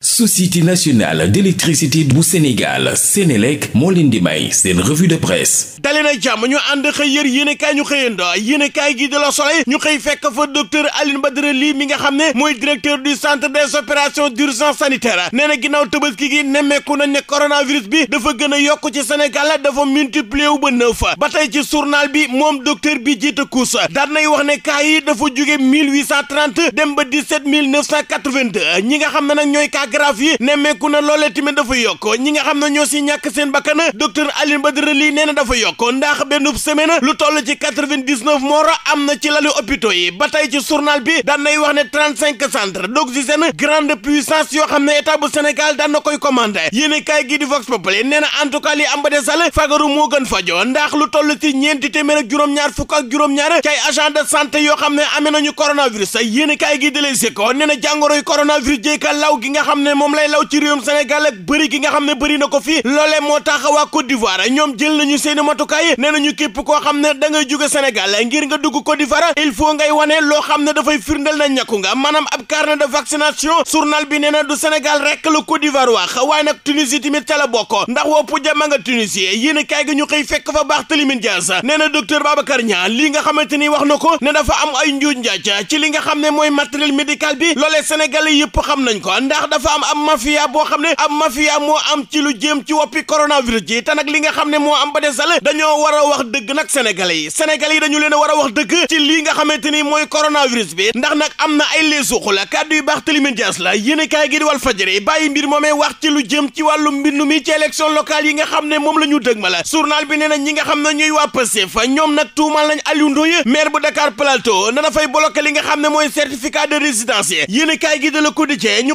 société nationale d'électricité bu Sénégal Sénélec moo leen di revue de presse dalena jàmm ñu ànd xëy yéenekaay ñu xëyando yéenekaay gi de la Soleil ñu xëy fekk fa docteur Alioune Badara mi nga xam ne mooy directeur du centre des opérations d'urgence sanitaire nee na ginnaaw Tabaski gi nemmeeku nañ ne coronavirus bi dafa gën yokk ci Sénégal dafa multiplier wu ba neuf ba tey ci journal bi moom docteur bi jiite kuus daan nay wax ne cas yi dafa jóge 1830 dem ba agraf yi nemmeeku na loolee tamit dafa yokk ñi nga xam ne ñoo si ñàkk seen bakkan docteur Alioune Badara Ly nee na dafa yokk ndax benn semaine lu toll ci quatre-vingt-dix-neuf mort am na ci lalu hôpitaux yi ba tey ci journal bi daan nay wax ne trente-cinq centres d'oxygène grande puissance yoo xam ne état bu daan na koy commandé yéen kaay gi di Vox Populi nee na en tout cas li am ba desal fagaru moo gën fajo ndax lu toll ci ñeenti téeméer ak juróom-ñaar fukk ak juróom-ñaar cay agent de yoo xam ne amee nañu coronavirus yéen kaay gi di Les Échos nee na jàngoroy coronavirus jéeka law gi nga xam xam ne moom lay law ci réewum Sénégal ak bëri gi nga xam ne bëri na ko fii loolee moo tax waa Côte d'Ivoire ñoom jël nañu seeni matukaay nee nañu képp koo xam ne da ngay jóge Sénégal ngir nga dugg Côte d'Ivoire il faut ngay wane loo xam ne dafay firndeel na ñàkku nga maanaam ab carnet de vaccination journal bi nee na du Sénégal rek la Côte d'Ivoire wax waaye nag Tunisie tamit ca la bokk ndax woppu jama nga Tunisie yéen kaay gi ñu xëy fekk fa baax Talimin Dias ni wax na ko ne dafa am ay li nga xam ne mooy matériel médical bi loolee Sénégalais yëpp xam nañ ko dafa am am mafia boo xam ne am mafia moo am ci lu jéem ci woppi coronavirus ji te nag li nga xam ne moo am ba des dal dañoo war a wax dëgg nag sénégalais yi sénégalais yi dañu leen a war a wax dëgg ci lii nga xamante ni mooy coronavirus bi ndax nag am na ay leesuuxu la kàddu yu baax Barthélémy Dias la yéenekaay gi di Walf Fadjri bàyyi mbir moomee wax ci lu jëm ci wàllu mbindu mi ci élection locale yi nga xam ne moom la ñu dëg ma la journal bi nee na ñi nga xam ne ñuy waa Pastef ñoom nag tuumal nañ Aliou Ndoye maire bu Dakar Plateau na li nga xam ne mooy certificat de résidence yi yéenekaay gi de Le Quotidien ñu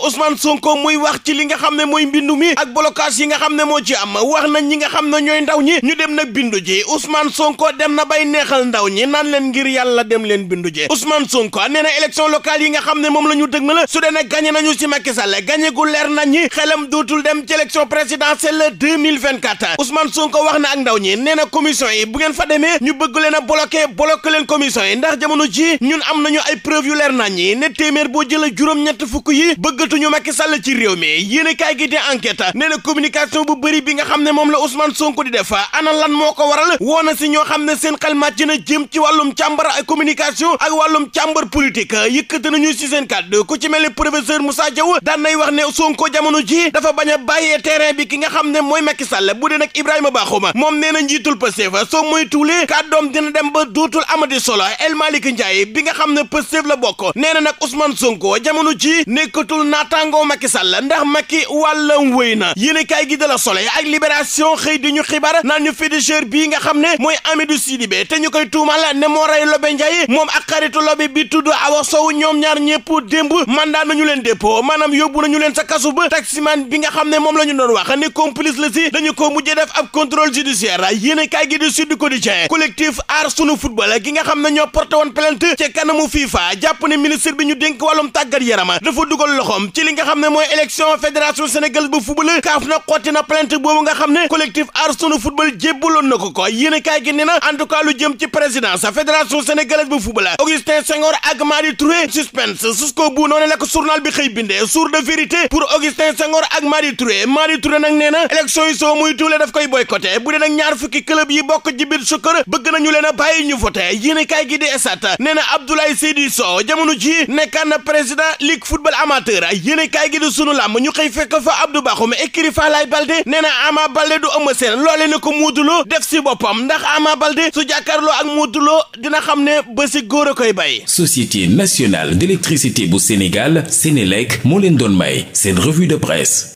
ko son Sonko muy wax ci li nga xam ne mooy mbindu mi ak blocage yi nga xam ne moo ci am wax nañ ñi nga xam ne ñooy ndaw ñi ñu dem na bindu ji Ousmane Sonko dem na bay neexal ndaw ñi naan leen ngir yàlla dem leen bindu ji son Sonko nee na élection locale yi nga xam ne moom la ñu dëgmal su dee ne gagné nañu ci Macky Sall gagné gu leer na ñi xelam dootul dem ci élection présidentielle 2024 Ousmane Sonko wax na ak ndaw ñi nee na commission yi bu ngeen fa demee ñu bëgg leen a bloqué bloqué leen commission yi ndax jamono ji ñun am nañu ay preuve leer nañ ñi ne téeméer boo jëlee juróom-ñett fukk yi bëggatuñu Macky Sall ci réew mi yéen kaay gi di enquête bu bëri bi nga xam ne moom la Ousmane Sonko di def ana lan moo ko waral woo na si ñoo xam ne seen xel màcc na jëm ci wàllum càmbar ak communication ak wàllum càmbar politique yëkkati nañu si seen kàddu ku ci mel ne professeur Moussa Diaw daan nay wax ne Sonko jamono ji dafa bañ a bàyyee terrain bi ki nga xam ne mooy Macky Sall bu dee nag Ibrahima Bakhoum moom nee na njiitul Pastef soo mooy tuulee kàddoom dina dem ba dootul amati solo El Malick Ndiaye bi nga xam ne Pastef la bokk nee na nag Ousmane Sonko jamono ji naataangoo Macky Sall ndax Macky wàllam wéy na yéenekaay gi de la Soleil ak Libération xëy di ñu xibaar naan ñu fédécheur bii nga xam ne mooy Amidou Sidibé te ñu koy tuumal ne moo rey Lobe Ndiaye moom a xaritu Lobe bi tudd Awa Sow ñoom ñaar ñëpp démb mandat nañu leen dépôt maanaam yóbbu nañu leen sa kasu ba taximan bi nga xam ne moom la ñu noon wax ne complice la si dañu ko mujjee def ab contrôle judiciaire yéenekaay gi di Sud Quotidien gi nga xam ne ñoo porté woon plainte ci kanamu FIFA jàpp ne ministre bi ñu dénk wàllum tàggat yarama dafa dugal loxoom ci li nga xam ne mooy élection fédération sénégalaise bu football kaaf na xotti na plainte boobu nga xam ne collectif aar sunu football jébbaloon na ko ko yéen kaay gi ne na en tout cas lu jëm ci présidence fédération sénégalaise bu football Augustin Senghor ak Madi Touré suspense jusqu'au bout noonu la ko bi xëy bindee source de vérité pour Augustin Senghor ak Madi Touré Madi Touré nag nee na élection yi soo muy tuule daf koy boycotté bu dee nag ñaar fukki club yi bokk ci biir sukkër leen a bàyyi nee na Abdoulaye Seydi Sow jamono nekkaan na président ligue football yéene kaay gi di sunu làmb ñu xëy fekk fa ab du Bakhoum écurie Falaye Baldé nee na Ama Baldé du Eumeu Sène loole na ko Modou Lô def si boppam ndax Ama Baldé su jàkkaarloo ak Modou Lô dina xam ne ba si góor a koy bay. Société nationale d'électricité bu Sénégal Sénélec moo leen doon may seen revue de presse.